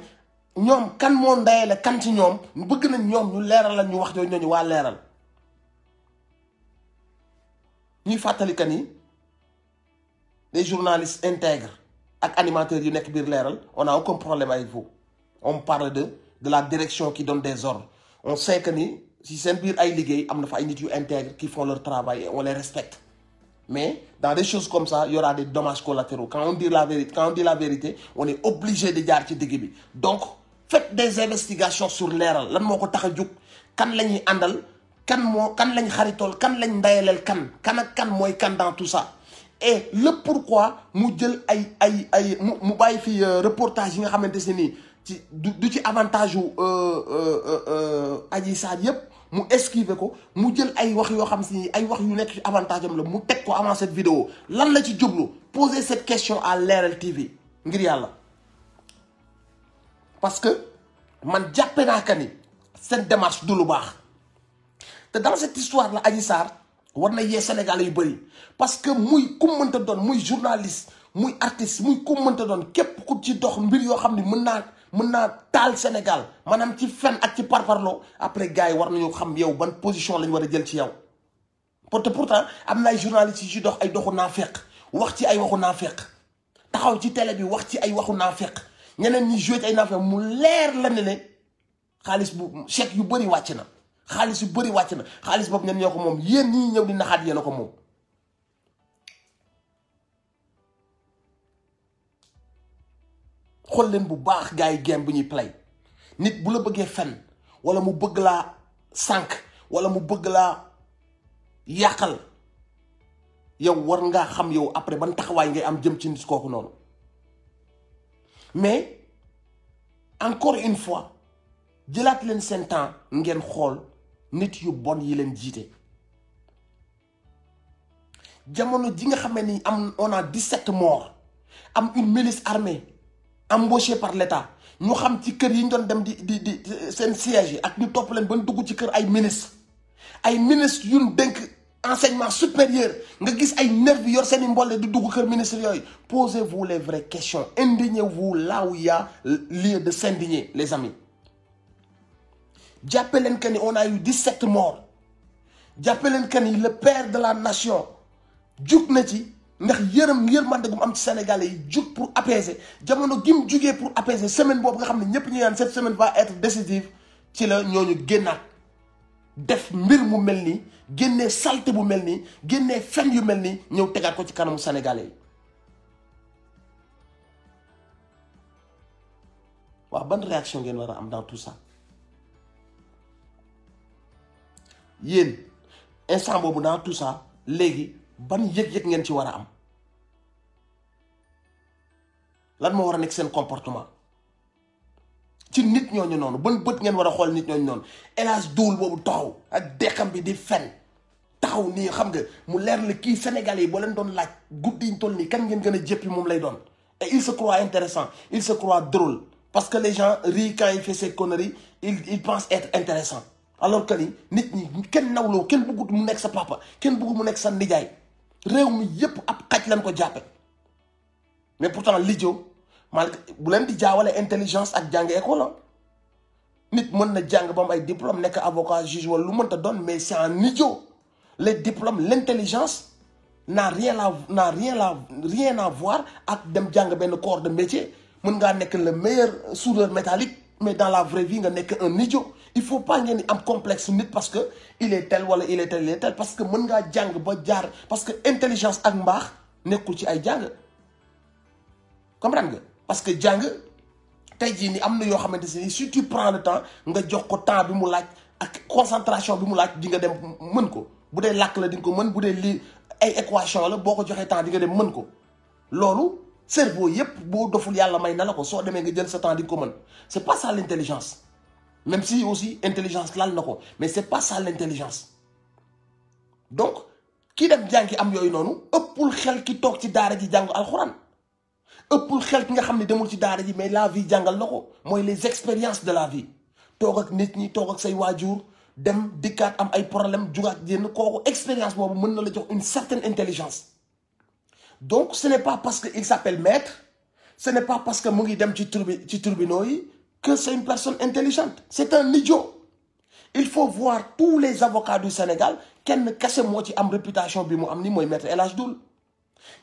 ñoom kan moo ndayale kan ci ñoom bëgg nañ ñoom ñu leeralal ñu wax jooju ñooñu waa leeral ñuy fàttali que ni des journalistes intègres ak animateurs yu nekk biir leeral on a aucun problème avec vous on parle de de la direction ki doon des ordres on sait que ni si seen biir ay liggéey am na fa ay nit yu intègres qui font leur travail on les respecte mais dans de choses comme ça y aura des dommages collatéraux quand on dit la vérité quand on dit la vérité on de jaar ci digg bi donc faites des investigations sur leeral lan moo ko tax a jóg kan la ñuy àndal kan moo kan lañ xaritool kan lañ ndayaleel kan kan kan mooy kan dans tout ça et le pourquoi mu jël ay ay ay mu mu bàyyi fi euh, reportage yi nga xamante ne nii ci du du ci avantage wu euh, euh, Adji Sarr yëpp mu esquiver ko mu jël ay wax yoo xam si ni ay wax yu nekk avantage am la mu teg ko avant cette vidéo lan la ci jublu poser cette question à Leral TV ngir yàlla parce que man jàppe naa que ni cette démarche du lu baax. te dans cette histoire la Adji saar war na yee Sénégalais yu bëri parce que muy ku mënta doon muy journaliste muy artiste muy ku mënta doon képp ku ci dox mbir yoo xam ni mën naa mën naa taal Sénégal maanaam ci fen ak ci parparloo après gars yi war nañu xam yow ban position lañ war a jël ci yow. te pourtant am na ay journalistes yu ci dox ay doxu naafeq wax ci ay waxu naafeq taxaw ci télé bi wax ci ay waxu naafeq ñeneen ñi joué ci ay naafeq mu leer la ne xaalis bu chèque yu bëri wàcc na. xaalis yu bari wàcc na xaalis boobu ñen ñoo ko moom yéen ñii ñëw di naxaat yéen ko moom xool leen bu baax gaa yi game bu ñuy play nit bu la bëggee fen wala mu bëgg laa sànq wala mu bëgg laa yàqal yow war ngaa xam yow après ban taxawaay ngay am jëm ci nit kooku noonu mais encore une fois jëlaat leen seen temps ngeen xool nit yu bon yi leen jiite jamono ji nga xamee ni am on a sept morts am une milice armée embauchée par l'État ñu xam ci kër yi ñu doon dem di di di seen siège ak ñu topp leen ba ñu dugg ci kër ay ministre ay ministre yu ñu dénk enseignement supérieur nga gis ay nervi yor seen i mboole di dugg kër ministre yooyu posez-vous les vraies questions indignez-vous là où il y a lieu de s'indigner les amis jàppe leen que ni on a di 17 morts jàppe leen que ni le père de la nation jug na ci ndax yërëm yërmande gu mu am ci Sénégalais yi jug pour apaiser jamono gi mu jugee pour apaiser semaine boobu nga xam ne ñëpp ñu naan cette semaine va être décisive ci la ñoo ñooñu génnaat def mbir mu mel nii génnee saleté bu mel nii génnee fen yu mel nii ñëw tegaat ko ci kanamu Sénégalais yi. waaw ban réaction ngeen war a am dans tout ça. yéen instant boobu dans tout ça léegi ban yëg-yëg ngeen ci war a am lan moo war a nekk seen comportement ci nit ñooñu noonu ban bët ngeen war a xool nit ñooñu noonu hélas duul boobu taxaw ak deqam bi di fen taxaw nii xam nga mu leer la kii Sénégalais yi boo leen doon laaj guddi ñu toll nii kan ngeen gën a jéppi moom lay doon et il se croit intéressant il se croit drôle parce que les gens rient quand il fait ses conneries il il pense être intéressant alors que ni nit ñi kenn nawloo kenn bëggut mu nekk sa papa kenn bëggut mu nekk sa nijaay réew mi yépp ab xaj lañ ko jàppe mais pourtant lijo mal bu leen di jaawale intelligence ak jàng école nit mën na jàng ba am ay diplôme nekk avocat juge wala lu mënta doon mais c'est un idiot les diplômes l'intelligence n'a rien à n'a rien à rien à voir ak dem jàng benn corps de métier mën ngaa nekk le meilleur soudeur métallique mais dans la vraie vie nga nekk un idiot il faut pas ngeen am complexe nit parce que il est tel wala il est tel il est tel parce que mën ngaa jàng ba jaar parce que intelligence ak mbaax nekkul ci ay jàng comprendre nga parce que jàng tey jii ni am na yoo xamante ne si tu prends le temps nga jox ko temps bi mu laaj ak concentration bi mu laaj di nga dem mën ko bu dee làkk la di nga ko mën bu dee lii ay équation la boo ko joxee temps di nga dem mën ko loolu cerveau yépp boo doful yàlla may na la ko soo demee nga jël sa temps di nga mën c'est pas ça même si aussi intelligence laal na ko mais c'est pas ça l'intelligence donc ki dem jàngi am yooyu noonu ëppul xel ki toog ci daara ji jàng alxuraan ëppul xel ki nga xam ne demul ci daara ji mais la vie jàngal na ko mooy les expériences de la vie toog ak nit ñi toog ak say waajur dem dikkaat am ay problème jugaat yenn kooku expérience boobu mën na la jox une certaine intelligence donc ce n'est pas parce que il s'appelle maître ce n'est pas parce que mu ngi dem ci turbi ci tribunaux yi que c'est une personne intelligente c'est un idiot il faut voir tous les avocats du Sénégal kenn kese moo ci am réputation bi mu am ni mooy maître El Hadj Diouf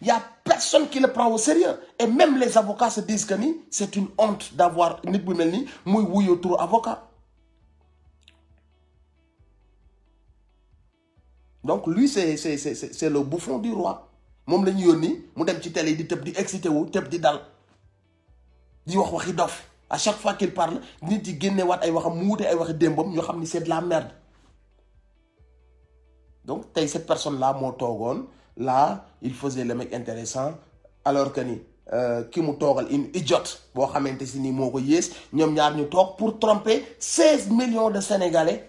y a personne qui le prend au sérieux et même les avocats se disent que ni c'est une honte d'avoir nit bu mel ni muy wuyoo turu avocat donc lui c'est c'est c'est c'est le bouffon du roi moom la yoon ni mu dem ci télé di tëb di excité wu tëb di dal di wax waxi dof à chaque fois qu'il parle nit yi génnewaat ay waxam mu wute ay waxi démbam ñoo xam ni c'est la merde donc tey cette personne la moo toogoon la il faisait le mec intéressant alors que ni euh, ki mu toogal une jot boo xamante si ni moo ko yées ñoom ñaar ñu toog pour tromper seize million de sénégalais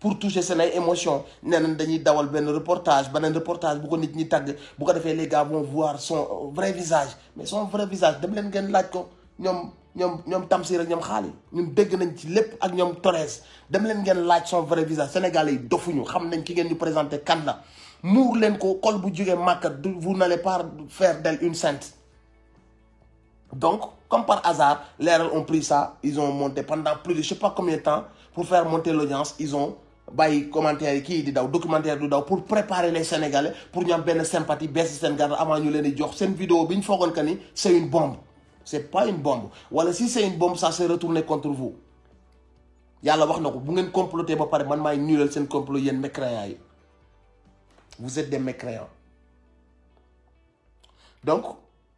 pour toucher seen ay émotions nee nañ dañuy dawal benn reportage beneen reportage bu ko nit ñi tàgg bu ko defee les gars vont voir son vrai visage mais son vrai visage dem leen ngeen laaj ko. ñoom ñoom ñoom Tamsir ak ñoom xaali ñun dégg nañ ci lépp ak ñoom Torres dem leen ngeen laaj son vrai visage sénégalais yi dofuñu xam nañ ki ngeen ñu présenté kan la muur leen ko kol bu jógee màkka du n'allez pas faire d'elle par hasard leeral ont pris ça ils ont monté pendant plus de je sais pas combien de temps pour faire monter l'audience ils ont bàyyi commentaire yi kii di daw documentaire du daw pour préparer les sénégalais pour ñu am benn sympathie baisse seen garde avant ñu leen di jox seen vidéo bi ñu foogoon que ni c'est une bombe c'est pas une bombe wala si c'est une bombe ça s'est retourné contre vous yàlla wax na ko bu ngeen comploté ba pare man maay ñuulal seen complot yéen mécréants yi vous êtes des mécréants donc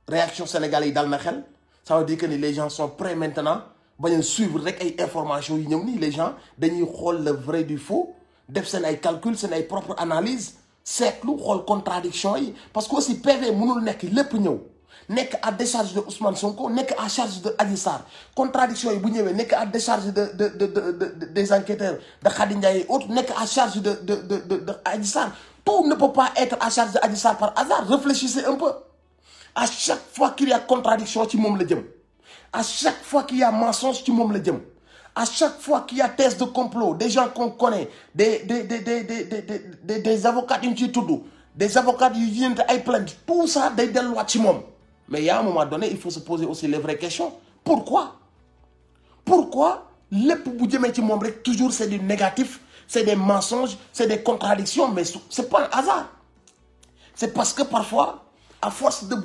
réaction sénégalais yi dal na xel ça veut dire que ni les gens sont prêts maintenant bañ a suivre rek ay information yi ñëw nii les gens dañuy xool le vrai du faux def seen ay calcul seen ay propre analyse seetlu xool contradiction yi parce que aussi PV mënul nekk lépp ñëw nekk à décharge de Ousmane nekk à charge de Adji Sarr contradiction yi bu ñëwee nekk à décharge de de de de des enquêteurs de Khady Ndiaye et nekk à charge de de de de de Adji Sarr tout ne peut pas être à charge de Adji Sarr par hasard réfléchissez un peu à chaque fois qu'il y contradiction ci moom la jëm à chaque fois qu'il y mensonge ci moom la jëm à chaque fois qu'il y a de complot des gens qu'on connaît des des des des des des des avocats yu ñu ciy tudd des avocats yu yénte ay plainte tout ça day delluwaat moom Mais il y a un moment donné, il faut se poser aussi les vraies questions. Pourquoi Pourquoi les qui toujours c'est du négatif, c'est des mensonges, c'est des contradictions, mais ce n'est pas un hasard. C'est parce que parfois, à force de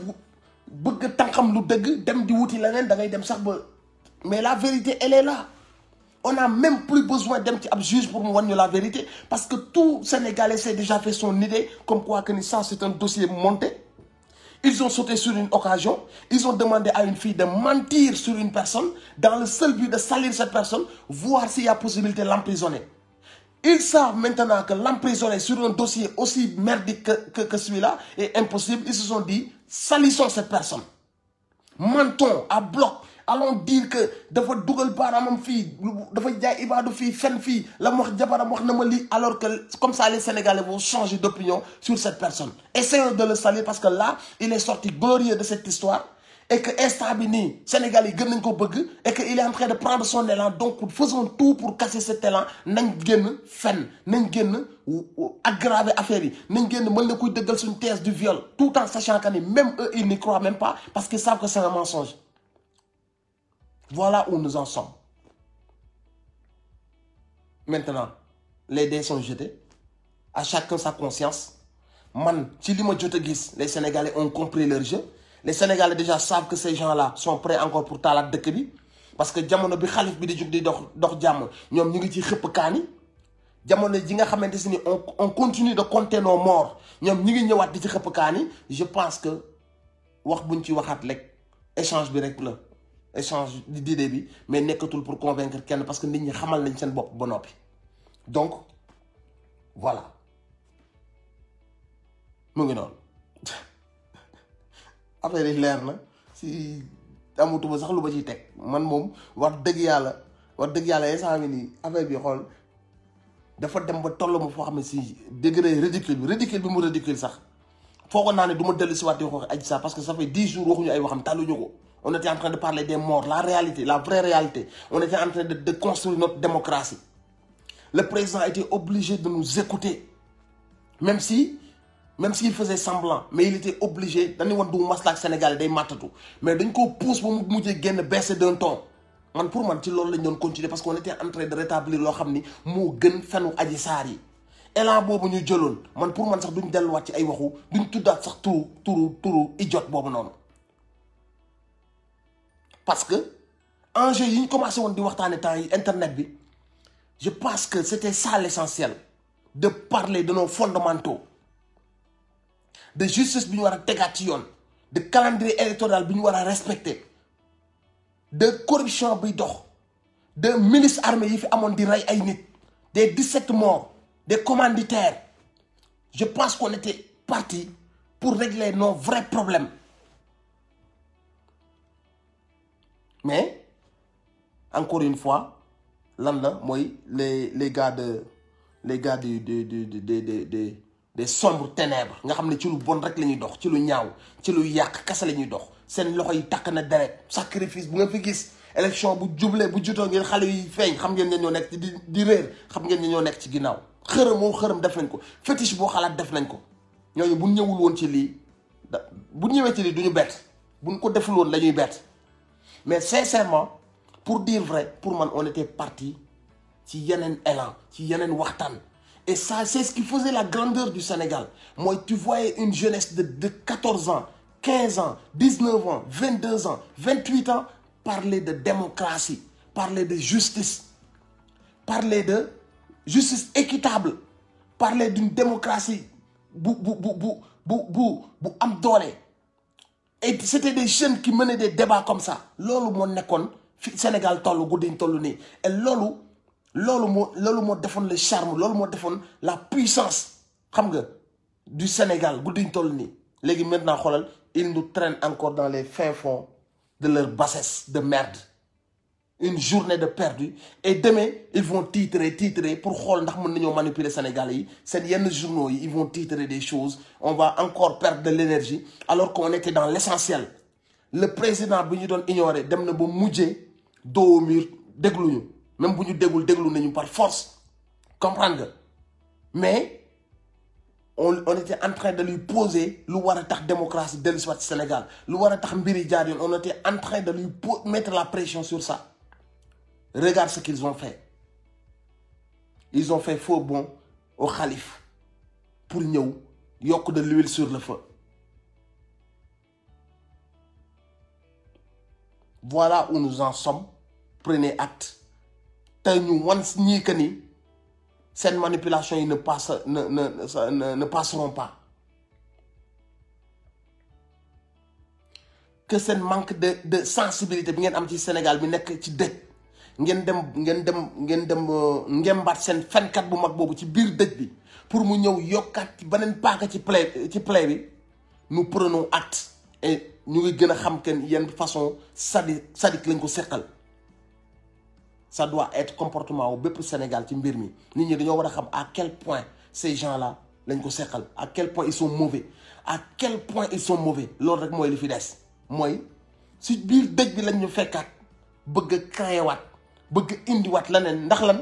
bëgg tànkam lu dëgg dem di wuti leneen da ngay dem sax ba mais la vérité elle est là on a même plus besoin dem ci ab juge pour mu wan ñu la vérité parce que tout Sénégalais s'est déjà fait son idée comme quoi que ni ça c'est monté Ils ont sauté sur une occasion, ils ont demandé à une fille de mentir sur une personne dans le seul but de salir cette personne, voir s'il y a possibilité l'emprisonner. Ils savent maintenant que l'emprisonner sur un dossier aussi merdique que, que, que celui-là est impossible. Ils se sont dit, salissons cette personne. Mentons à bloc allons dire que dafa dugal baaraamam fii dafa jaay ibaado fii fen fii la mu wax jabaram wax na ma lii alors que comme ça les Sénégalais vont changer d'opinion sur cette personne essayons de le saluer parce que là il est sorti glorieux de cette histoire et que instant bi nii Sénégal yi gën nañ ko bëgg et que il est en de prendre son élan donc faisons tout pour casser cet élan nañ génn fenn nañ génn aggraver affaire yi nañ génn mën na kuy dëggal suñu thèse du viol tout en même eux ils n'y croient parce que c'est un mensonge Voilà où nous en maintenant Maintenant, les dés sont jetés. À chacun sa conscience. Man, ci ma jot a gis les Sénégalais ont compris leur jeu. Les Sénégalais déjà savent que ces gens-là sont prêts encore pour talat dëkk bi Parce que jamono bi xalif bi di jug di dox dox jàmm ñoom ñu ngi ci xëpp kaani jamono ji nga xamante si ni on on continue de compter nos morts ñoom ñu ngi ñëwaat di ci xëpp kaani je pense que wax buñ ci waxaat rek échange bi rek la. di d'idée bi mais nekkatul pour convaincre kenn parce que nit ñi xamal nañ seen bopp ba noppi donc voilà mu ngi noonu affaire yi leer na si amutuma sax lu ba ciy teg man moom wax dëgg yàlla wax dëgg yàlla instant ngi nii affaire bi xool dafa dem ba toll ma foo xam ne si degré ridicule bi ridicule bi mu ridicule sax foo ko naa ne du ma si waat di wax Adji parce que ça fait dix waxuñu ay waxam tàlluñu ko On était en de parler des morts, la réalité, la vraie réalité. On était en de, de construire notre démocratie. Le président était obligé de nous écouter. Même si, même s'il faisait semblant, mais il était obligé. Dans les gens Sénégal, day matatu. Mais d'un coup, pousse pour nous baisser d'un ton. Man pour man, c'est ce qu'on continuer parce qu'on était en train de rétablir xam ni moo gën fenu aji saar yi élan boobu ñu jëloon man pour man sax duñ delluwaat ci ay waxu duñ tuddaat sax turu turu turu idiot boobu noonu parce que enjeu yi ñu commencé woon di waxtaane temps yi internet bi je pense que c'était ça l'essentiel de parler de nos fondamentaux de justice bi ñu war a tegaat ci yoon de calendrier électoral bi ñu war a respecter de corruption bi dox de milice armée yi fi amoon di rey ay nit des 17 morts des commanditaires je pense qu'on était parti pour régler nos vrais problèmes mais encore une fois lan la mooy les les gars de les gars du du de des des des sombres ténèbres nga xam ne ci lu bon rek la ñuy dox ci lu ñaaw ci lu yàq kese la ñuy dox seen loxo yi takk na deret sacrifice bu nga fi gis élection bu jublee bu jutoo ngeen xale yi feeñ xam ngeen ne ñoo nekk ci di di réer xam ngeen ne ñoo nekk ci ginnaaw xërëm moo xërëm def nañ ko fétiche boo xalaat def nañ ko ñooñu bu ñëwul woon ci lii da bu ñëwee ci lii du ñu bett buñ ko deful woon la ñuy bett mais sincèrement pour dire vrai pour man on était parti ci yeneen élan ci yeneen waxtaan et ça c'est ce qui faisait la grandeur du Sénégal mooy tu voyais une jeunesse de de quatorze ans quinze ans dix-neuf ans vingt-deux ans vingt-huit ans parler de démocratie parler de justice parler de justice équitable parler d'une démocratie bu bu bu bu bu bu am doole et c'était des jeunes qui menaient de débats comme ça loolu moo nekkoon fi Sénégal toll guddi ñu toll nii loolu loolu moo loolu moo defoon le charme loolu moo defoon la puissance xam nga du Sénégal guddi ñu toll nii léegi maintenant xoolal ils nous traînent encore dans les fin fonds de leur bassesse de merde une journée de perdu et demain ils vont titrer titrer pour xool ndax mën nañoo manipuler sénégal yi seen yenn journaux yi ils vont titrer des choses on va encore perdre de l'énergie alors qu'on était dans l'essentiel le président bi ñu doon ignorer dem na ba mujjee doo mur déglu ñu même bu ñu déggul déglu nañu par force comprendre nga mais on on était en train de lui poser lu war a tax démocratie dellu si waat Sénégal lu war a tax mbiri jaar yoon on était de lui mettre la pression sur Regarde ce qu'ils ont fait. Ils ont fait faux bon au calife pour ñëw yokk de l'huile sur le feu. Voilà où nous en sommes. Prenez acte. tey ñu wan ñii que seen manipulation yi ne passe ne ne ne passeront pas. que seen manque de de sensibilité bi ngeen am ci Sénégal bi nekk ci dëkk. ngeen dem ngeen dem ngeen dem euh, ngembaat seen fenkat bu mag boobu ci biir dëj bi pour mu ñëw yokkaat ci beneen paaka ci play ci play bi nous prenons acte et ñu ngi gën a xam kenn yenn façon sadi sadique lañ ko seqal ça doit être comportement wu bépp Sénégal ci mbir mi nit ñi dañoo war a xam à quel point ces gens là lañ ko seqal à quel point ils sont mauvais à quel point ils sont mauvais loolu rek mooy li fi des mooy si biir dëj bi lañ ñu fekkaat bëgg a kayewaat bëgg indiwaat leneen ndax lan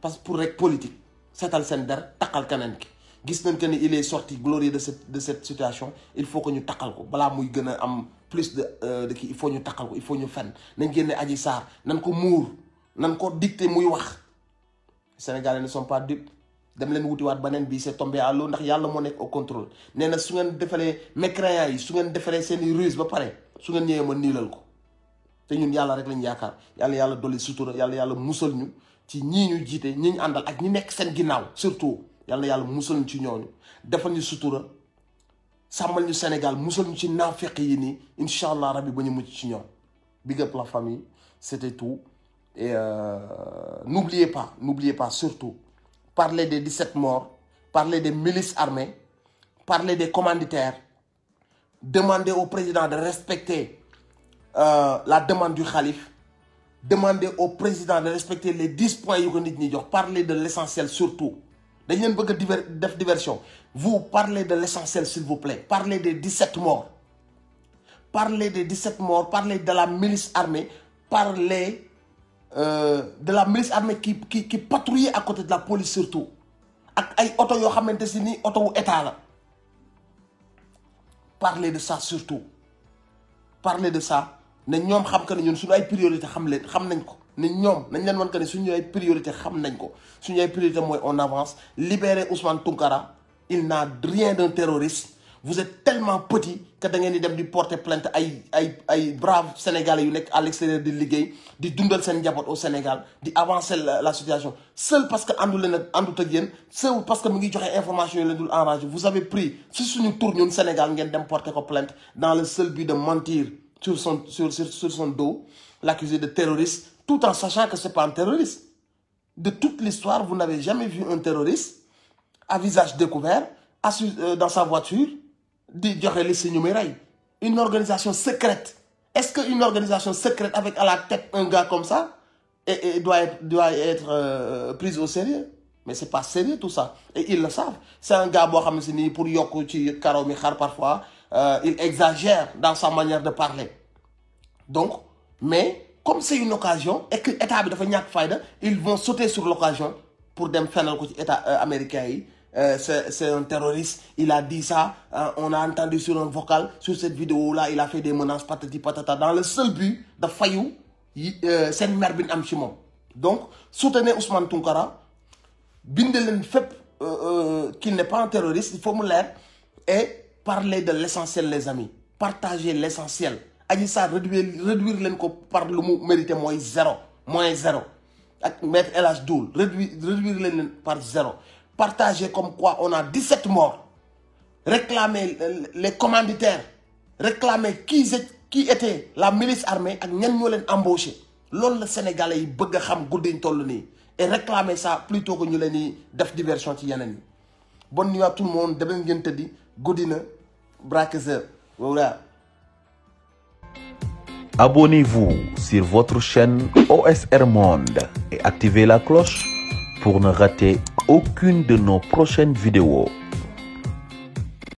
parce que pour rek politique seetal seen der taqal keneen ki gis nañ que ni il est sorti glorieux de cette de cette situation il faut que ñu taqal ko balaa muy gën a am plus de euh, de kii il faut ñu taqal ko il faut ñu fenn nañ génne Adji saar nan ko muur nan ko dicté muy wax Sénégalais ne sont pas dupes dem leen wutiwaat beneen bi c'est tombé à ndax yàlla moo nekk au contrôle nee na su ngeen defalee mécréants yi su ngeen defalee seen i ruse ba pare su ngeen ñëwee ma niilal ko. te ñun yàlla rek lañ yaakaar yàlla yàlla dolli sutura yàlla yàlla musal ñu ci ñii ñu jiite ñi ñu àndal ak ñi nekk seen ginnaaw surtout yàlla yàlla musal ñu ci ñooñu defal ñu sutura sàmmal ñu Sénégal musal ñu ci naafeq yi nii incha allah rabbi ba ñu mucc ci ñoom big up la famille c'était tout et euh, n'oubliez pas n'oubliez pas surtout parler des 17 morts parler des milices armées parler des commanditaires demande au président de respecter Euh, la demande du xalif demander au président de respecter les dix points yu ko nit ñi jox parler de l' essentiel surtout dañ leen bëgg a diver def diversion vous parlez de l' essentiel s'il vous plaît parlez des dix sept morts parlez des dix sept morts parlez de la milice armée parlez euh, de la milice armée qui qui qui patrouille à côté de surtout ak ay oto yoo xamante si ni oto wu état la parlez de ça surtout parlez de sa ne ñoom xam que ne ñun suñu ay priorité xam leen xam nañ ko ne ñoom nañ leen wan que ne suñu ay priorité xam nañ ko suñu ay priorité mooy on avance libérer Ousmane Tounkara il n'a rien d'un terroriste vous êtes tellement petit que da ngeen di dem di porter plainte ay ay ay braves sénégalais yu nekk à l'extérieur di liggéey di dundal seen njaboot au Sénégal di avancer la situation seul parce que àndu leen ak àndut ak seul parce que mu ngi joxe information yi leen dul enragé vous suñu tour ñun Sénégal ngeen dem porter ko plainte dans le seul but de mentir sur son, sur, sur, sur son dos, l'accuser de terroriste, tout en sachant que ce n'est pas un terroriste. De toute l'histoire, vous n'avez jamais vu un terroriste à visage découvert, assis euh, dans sa voiture, di joxe li si ñu une organisation secrète est-ce que une organisation secrète avec à la tête un gars comme ça et, et doit être, euh, prise au sérieux mais c'est pas sérieux tout ça et ils le c'est un gars boo xam ne pour yokk ci parfois Euh, il exagère dans sa manière de parler donc mais comme c'est une occasion et état bi dafa ñàkk fayda ils vont sauter sur l'occasion pour dem fenal ko ci état euh, américain yi euh, c'est c'est un terroriste il a dit ça on a entendu sur un vocal sur cette vidéo là il a fait des menaces patati patata dans le seul but da fayu seen mer bi ñu am ci moom donc soutenez Ousmane Tounkara bind leen fépp qu'il n'est pas un terroriste il mu leer et parlez de l'essentiel les amis partagez l'essentiel Adji Sarr réduire réduire leen ko par lu mu mérité mooy zéro moins zéro ak maître El Hadj Diouf réduire réduire leen leen par zéro partagez comme quoi on a 17 morts réclamez les commanditaires réclamez qui qui était la milice armée ak ñan ñoo leen embauché loolu la sénégalais yi bëgg a xam guddiñ toll nii et réclamer ça plutôt que ñu leen di def diversion ci yeneen yi bonne nuit à tout le monde dem ngeen tëddi guddi na Braquezeur. Voilà. Abonnez-vous sur votre chaîne OSR Monde et activez la cloche pour ne rater aucune de nos prochaines vidéos.